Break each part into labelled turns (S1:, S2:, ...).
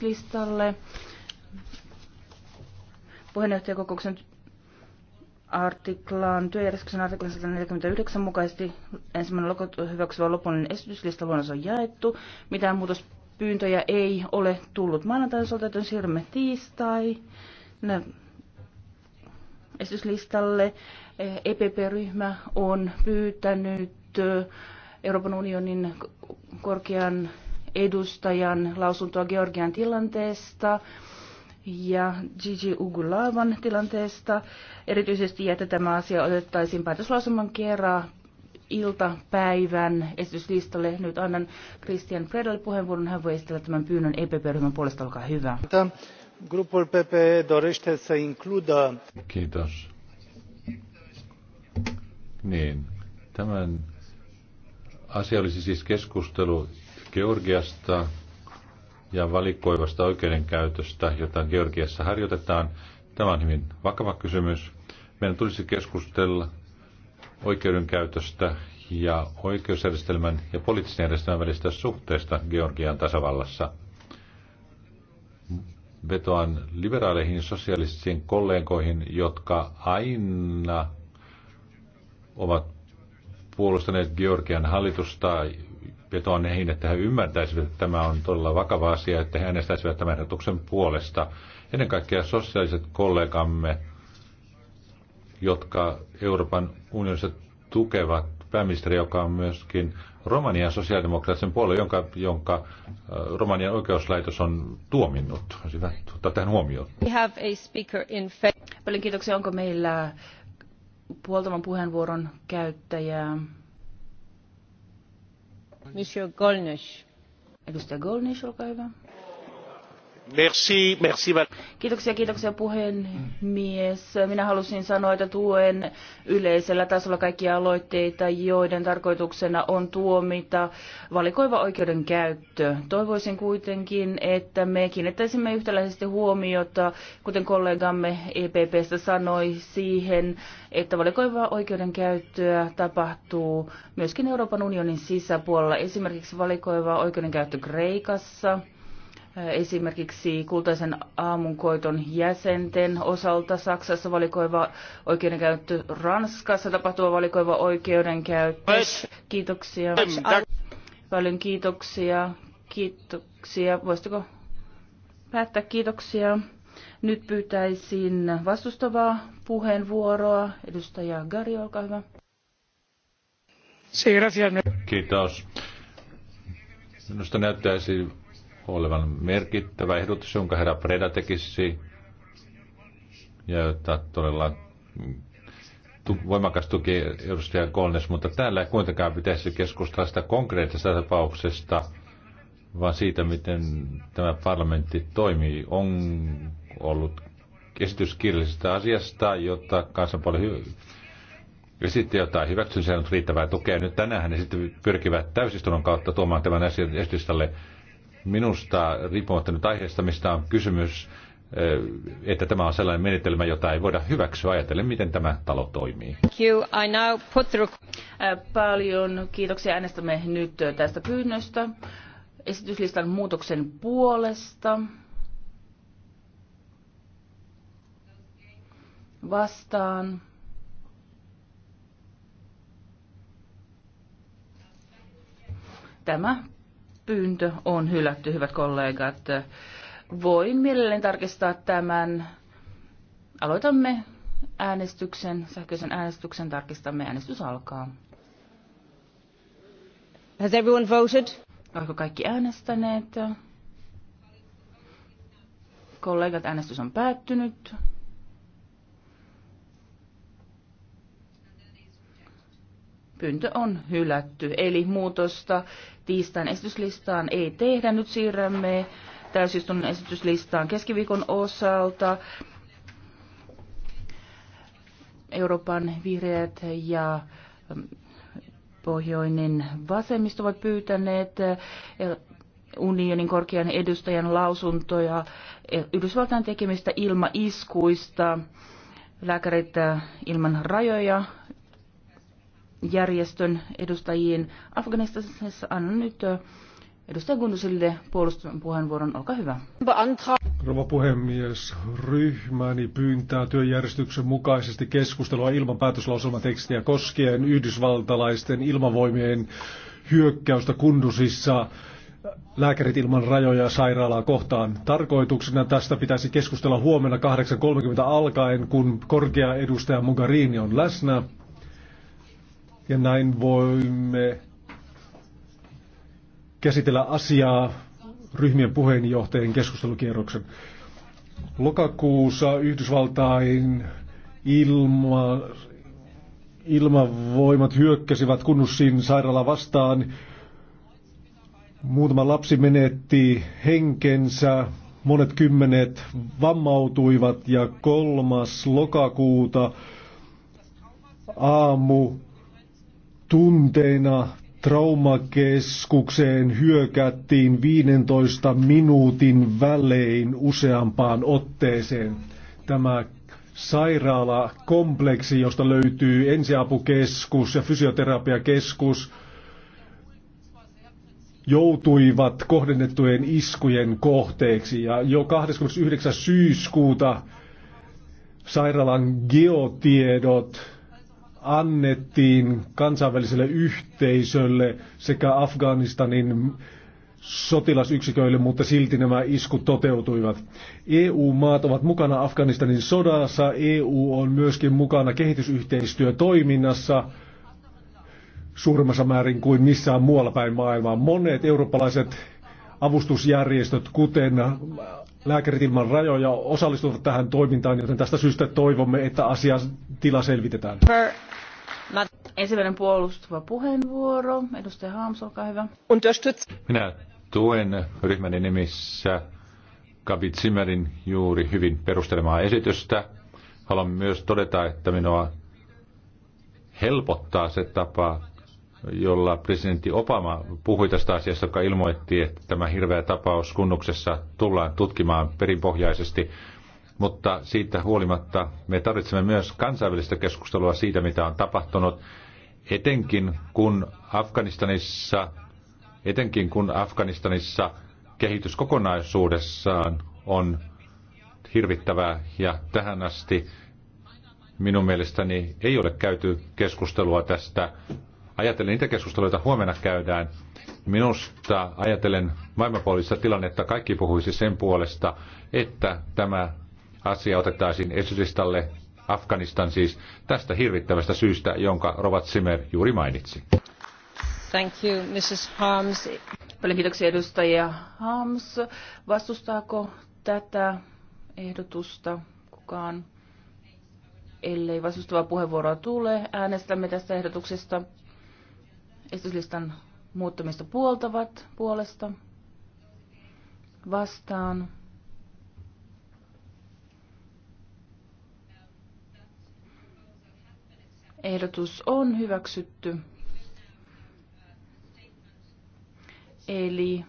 S1: listalle puheenjohtajakokouksen artiklaan, työjärjestyksen artiklan 149 mukaisesti ensimmäinen lokakuuta hyväksyvä lopullinen esityslista luonnos on jaettu. Mitään muutospyyntöjä ei ole tullut maanantain osalta, joten siirrymme tiistai esityslistalle. EPP-ryhmä on pyytänyt Euroopan unionin korkean edustajan lausuntoa Georgian tilanteesta ja Gigi Ugulaavan tilanteesta. Erityisesti, että tämä asia otettaisiin päätöslausuman kerran iltapäivän esityslistalle. Nyt annan Christian Fredalle puheenvuoron. Hän voi esitellä tämän pyynnön EPP-ryhmän
S2: puolesta. Olkaa hyvä. Grupul PPE dorește să includă... Kiitos. Niin, tämän asia olisi siis keskustelu, Georgiasta ja valikoivasta oikeudenkäytöstä, jota Georgiassa harjoitetaan. Tämä on hyvin vakava kysymys. Meidän tulisi keskustella oikeudenkäytöstä ja oikeusjärjestelmän ja poliittisen järjestelmän välistä suhteesta Georgian tasavallassa. Vetoan liberaaleihin sosialistisiin kollegoihin, jotka aina ovat puolustaneet Georgian hallitusta vetoan heihin, että he ymmärtäisivät, että tämä on todella vakava asia, että he äänestäisivät tämän ehdotuksen puolesta. Ennen kaikkea sosiaaliset kollegamme, jotka Euroopan unionissa tukevat pääministeri, joka on myöskin Romanian sosiaalidemokraattisen puolue, jonka, jonka äh, Romanian oikeuslaitos on tuominnut. hyvä ottaa tähän huomioon.
S1: We have a speaker in Paljon kiitoksia. Onko meillä puoltavan puheenvuoron käyttäjää? Monsieur Golnish. Edustaja Golnish, olkaa Kiitoksia, kiitoksia puhemies. Minä halusin sanoa, että tuen yleisellä tasolla kaikkia aloitteita, joiden tarkoituksena on tuomita valikoiva oikeudenkäyttö. Toivoisin kuitenkin, että me kiinnittäisimme yhtäläisesti huomiota, kuten kollegamme EPPstä sanoi, siihen, että valikoivaa oikeudenkäyttöä tapahtuu myöskin Euroopan unionin sisäpuolella. Esimerkiksi valikoivaa oikeudenkäyttö Kreikassa – esimerkiksi kultaisen aamunkoiton jäsenten osalta Saksassa valikoiva oikeudenkäyttö, Ranskassa tapahtuva valikoiva oikeudenkäyttö. Kiitoksia. Paljon kiitoksia. Kiitoksia. Voisitko päättää kiitoksia? Nyt pyytäisin vastustavaa puheenvuoroa. Edustaja Gari, olkaa hyvä.
S2: Kiitos. Minusta näyttäisi olevan merkittävä ehdotus, jonka herra Preda tekisi, ja jota todella tu- voimakas tuki edustaja Kolnes, mutta täällä ei kuitenkaan pitäisi keskustella sitä konkreettisesta tapauksesta, vaan siitä, miten tämä parlamentti toimii. On ollut esitys kirjallisesta asiasta, jotta kansanpuoli hy- esitti jotain hyväksyn, on riittävää tukea. Nyt tänään he sitten pyrkivät täysistunnon kautta tuomaan tämän asian esitystalle Minusta, riippumatta nyt aiheesta, mistä on kysymys, eh, että tämä on sellainen menetelmä, jota ei voida hyväksyä ajatellen, miten tämä talo toimii.
S1: Paljon kiitoksia. Äänestämme nyt tästä pyynnöstä. Esityslistan muutoksen puolesta. Vastaan. Tämä pyyntö on hylätty, hyvät kollegat. Voin mielelläni tarkistaa tämän. Aloitamme äänestyksen, sähköisen äänestyksen, tarkistamme, äänestys alkaa. Has everyone voted? Oletko kaikki äänestäneet? Kollegat, äänestys on päättynyt. Pyyntö on hylätty, eli muutosta tiistain esityslistaan ei tehdä. Nyt siirrämme täysistunnon esityslistaan keskiviikon osalta. Euroopan vihreät ja ähm, pohjoinen vasemmisto ovat pyytäneet äh, unionin korkean edustajan lausuntoja äh, Yhdysvaltain tekemistä ilmaiskuista, lääkärit ilman rajoja järjestön edustajiin Afganistanissa. Annan nyt edustaja Gunnusille puolustuksen puheenvuoron. Olkaa hyvä.
S3: Rova puhemies, ryhmäni pyyntää työjärjestyksen mukaisesti keskustelua ilman päätöslauselmatekstiä koskien yhdysvaltalaisten ilmavoimien hyökkäystä Kundusissa Lääkärit ilman rajoja sairaalaa kohtaan. Tarkoituksena tästä pitäisi keskustella huomenna 8.30 alkaen, kun korkea edustaja Mugarini on läsnä. Ja näin voimme käsitellä asiaa ryhmien puheenjohtajien keskustelukierroksen. Lokakuussa Yhdysvaltain ilma, ilmavoimat hyökkäsivät kunnussin sairaala vastaan. Muutama lapsi menetti henkensä, monet kymmenet vammautuivat ja kolmas lokakuuta aamu tunteina traumakeskukseen hyökättiin 15 minuutin välein useampaan otteeseen. Tämä sairaalakompleksi, josta löytyy ensiapukeskus ja fysioterapiakeskus, joutuivat kohdennettujen iskujen kohteeksi. Ja jo 29. syyskuuta sairaalan geotiedot annettiin kansainväliselle yhteisölle sekä Afganistanin sotilasyksiköille, mutta silti nämä iskut toteutuivat. EU-maat ovat mukana Afganistanin sodassa, EU on myöskin mukana kehitysyhteistyötoiminnassa suurimmassa määrin kuin missään muualla päin maailmaa. Monet eurooppalaiset avustusjärjestöt, kuten Lääkärit ilman rajoja osallistuvat tähän toimintaan, joten tästä syystä toivomme, että asian tila selvitetään.
S1: Ensimmäinen puolustava puheenvuoro. Edustaja Haams, olkaa hyvä.
S2: Minä tuen ryhmäni nimissä Gabi Zimmerin juuri hyvin perustelemaa esitystä. Haluan myös todeta, että minua helpottaa se tapa, jolla presidentti Obama puhui tästä asiasta, joka ilmoitti, että tämä hirveä tapaus kunnuksessa tullaan tutkimaan perinpohjaisesti. Mutta siitä huolimatta me tarvitsemme myös kansainvälistä keskustelua siitä, mitä on tapahtunut, etenkin kun Afganistanissa, etenkin kun Afganistanissa kehitys kokonaisuudessaan on hirvittävää ja tähän asti minun mielestäni ei ole käyty keskustelua tästä Ajatellen niitä keskusteluita huomenna käydään, minusta ajatellen maailmanpuolista tilannetta kaikki puhuisi sen puolesta, että tämä asia otettaisiin esitystalle Afganistan siis tästä hirvittävästä syystä, jonka Robert Simer juuri mainitsi. Thank
S1: you, Mrs. Harms. Paljon kiitoksia edustaja Harms. Vastustaako tätä ehdotusta kukaan? Ellei vastustavaa puheenvuoroa tule, äänestämme tästä ehdotuksesta Esityslistan muuttamista puoltavat puolesta vastaan. Ehdotus on hyväksytty. Eli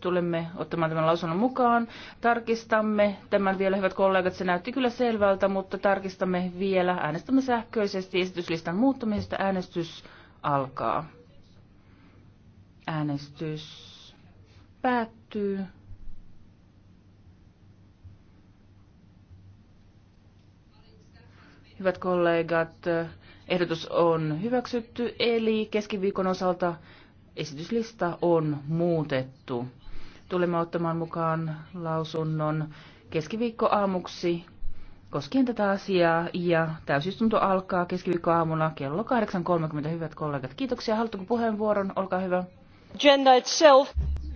S1: tulemme ottamaan tämän lausunnon mukaan. Tarkistamme tämän vielä, hyvät kollegat, se näytti kyllä selvältä, mutta tarkistamme vielä. Äänestämme sähköisesti esityslistan muuttamisesta. Äänestys alkaa. Äänestys päättyy. Hyvät kollegat, ehdotus on hyväksytty, eli keskiviikon osalta esityslista on muutettu. Tulemme ottamaan mukaan lausunnon keskiviikkoaamuksi koskien tätä asiaa ja täysistunto alkaa keskiviikkoaamuna kello 8.30. Hyvät kollegat, kiitoksia. Haluatteko puheenvuoron? Olkaa hyvä agenda itself.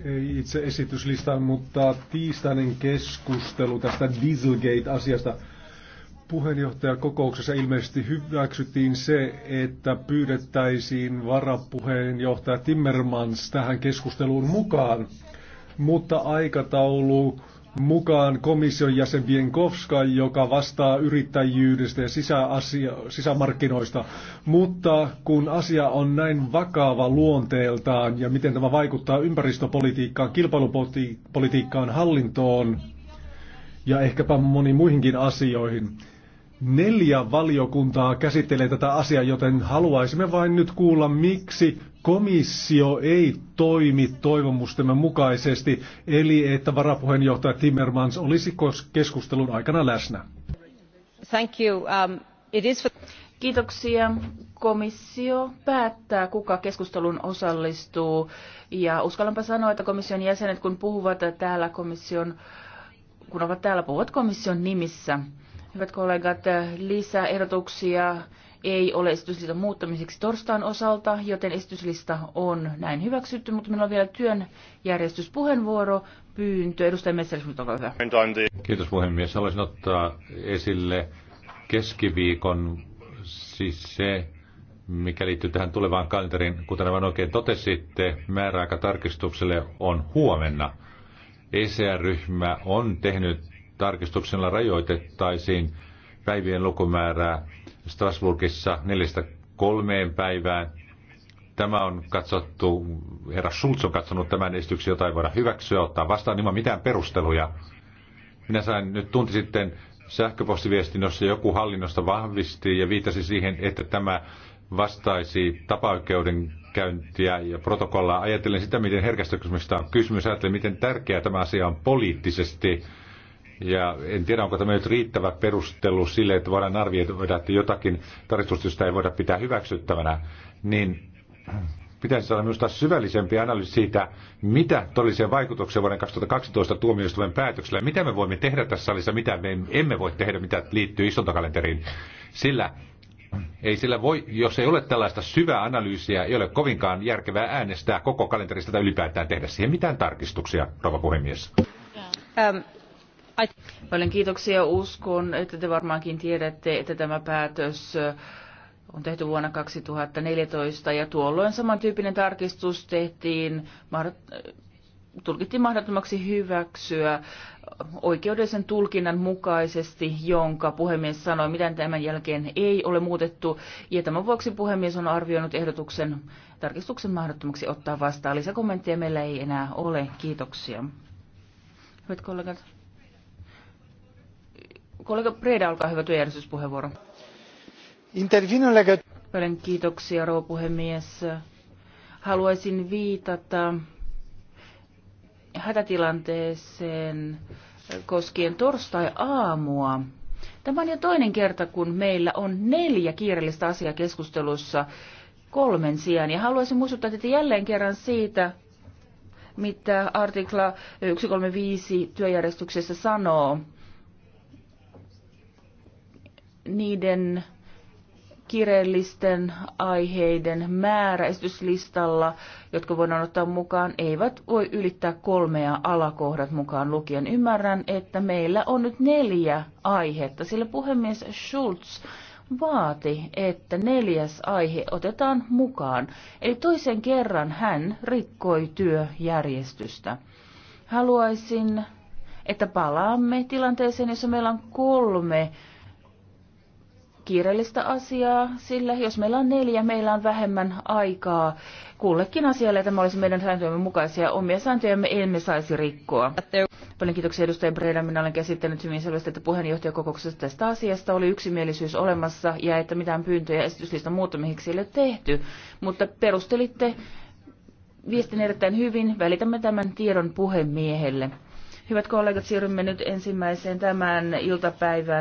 S3: Ei itse esityslista, mutta tiistainen keskustelu tästä Dieselgate-asiasta puheenjohtajakokouksessa ilmeisesti hyväksyttiin se, että pyydettäisiin varapuheenjohtaja Timmermans tähän keskusteluun mukaan, mutta aikataulu mukaan komission jäsen Vienkovska, joka vastaa yrittäjyydestä ja sisäasia, sisämarkkinoista. Mutta kun asia on näin vakava luonteeltaan ja miten tämä vaikuttaa ympäristöpolitiikkaan, kilpailupolitiikkaan, hallintoon ja ehkäpä moniin muihinkin asioihin, Neljä valiokuntaa käsittelee tätä asiaa, joten haluaisimme vain nyt kuulla, miksi komissio ei toimi toivomustemme mukaisesti, eli että varapuheenjohtaja Timmermans olisi keskustelun aikana läsnä.
S1: Thank you. Um, it is for... Kiitoksia. Komissio päättää, kuka keskustelun osallistuu. Ja uskallanpa sanoa, että komission jäsenet, kun puhuvat täällä komission, kun ovat täällä, puhuvat komission nimissä. Hyvät kollegat, lisää ehdotuksia ei ole esityslistan muuttamiseksi torstain osalta, joten esityslista on näin hyväksytty, mutta meillä on vielä työn järjestyspuheenvuoro, pyyntö. Edustaja Messersmith, olkaa
S2: hyvä. Kiitos puhemies. Haluaisin ottaa esille keskiviikon, siis se, mikä liittyy tähän tulevaan kalenteriin. Kuten aivan oikein totesitte, määräaika tarkistukselle on huomenna. ECR-ryhmä on tehnyt tarkistuksella rajoitettaisiin päivien lukumäärää Strasbourgissa neljästä kolmeen päivään. Tämä on katsottu, herra Schulz on katsonut tämän esityksen, jota ei voida hyväksyä, ottaa vastaan ilman mitään perusteluja. Minä sain nyt tunti sitten sähköpostiviestin, jossa joku hallinnosta vahvisti ja viitasi siihen, että tämä vastaisi tapaoikeuden käyntiä ja protokollaa. Ajatellen sitä, miten herkästä on kysymys, ajattelen, miten tärkeää tämä asia on poliittisesti ja en tiedä, onko tämä nyt riittävä perustelu sille, että voidaan arvioida, että jotakin tarkistusta ei voida pitää hyväksyttävänä, niin pitäisi saada minusta syvällisempi analyysi siitä, mitä todellisia vaikutuksia vuoden 2012 tuomioistuimen päätöksellä, mitä me voimme tehdä tässä salissa, mitä me emme voi tehdä, mitä liittyy istuntokalenteriin. Sillä ei sillä voi, jos ei ole tällaista syvää analyysiä, ei ole kovinkaan järkevää äänestää koko kalenterista tai ylipäätään tehdä siihen mitään tarkistuksia, rouva puhemies.
S1: Um. Paljon kiitoksia. Uskon, että te varmaankin tiedätte, että tämä päätös äh, on tehty vuonna 2014 ja tuolloin samantyyppinen tarkistus tehtiin, äh, tulkittiin mahdottomaksi hyväksyä oikeudellisen tulkinnan mukaisesti, jonka puhemies sanoi, mitä tämän jälkeen ei ole muutettu. Ja tämän vuoksi puhemies on arvioinut ehdotuksen tarkistuksen mahdottomaksi ottaa vastaan. Lisäkommentteja meillä ei enää ole. Kiitoksia. Hyvät kollegat. Kollega Preda, olkaa hyvä työjärjestyspuheenvuoro. Intervinon Paljon kiitoksia, rouva puhemies. Haluaisin viitata hätätilanteeseen koskien torstai-aamua. Tämä on jo toinen kerta, kun meillä on neljä kiireellistä asiaa keskustelussa kolmen sijaan. Ja haluaisin muistuttaa teitä jälleen kerran siitä, mitä artikla 135 työjärjestyksessä sanoo niiden kirjallisten aiheiden määrä esityslistalla, jotka voidaan ottaa mukaan, eivät voi ylittää kolmea alakohdat mukaan lukien. Ymmärrän, että meillä on nyt neljä aihetta, sillä puhemies Schulz vaati, että neljäs aihe otetaan mukaan. Eli toisen kerran hän rikkoi työjärjestystä. Haluaisin, että palaamme tilanteeseen, jossa meillä on kolme kiireellistä asiaa, sillä jos meillä on neljä, meillä on vähemmän aikaa kullekin asialle. Tämä olisi meidän sääntöjemme mukaisia. Omia sääntöjämme emme saisi rikkoa. Paljon kiitoksia edustaja Breda. Minä olen käsittänyt hyvin selvästi, että puheenjohtajakokouksessa tästä asiasta oli yksimielisyys olemassa ja että mitään pyyntöjä esityslistan muuttamiseksi ei ole tehty. Mutta perustelitte viestin erittäin hyvin. Välitämme tämän tiedon puhemiehelle. Hyvät kollegat, siirrymme nyt ensimmäiseen tämän iltapäivän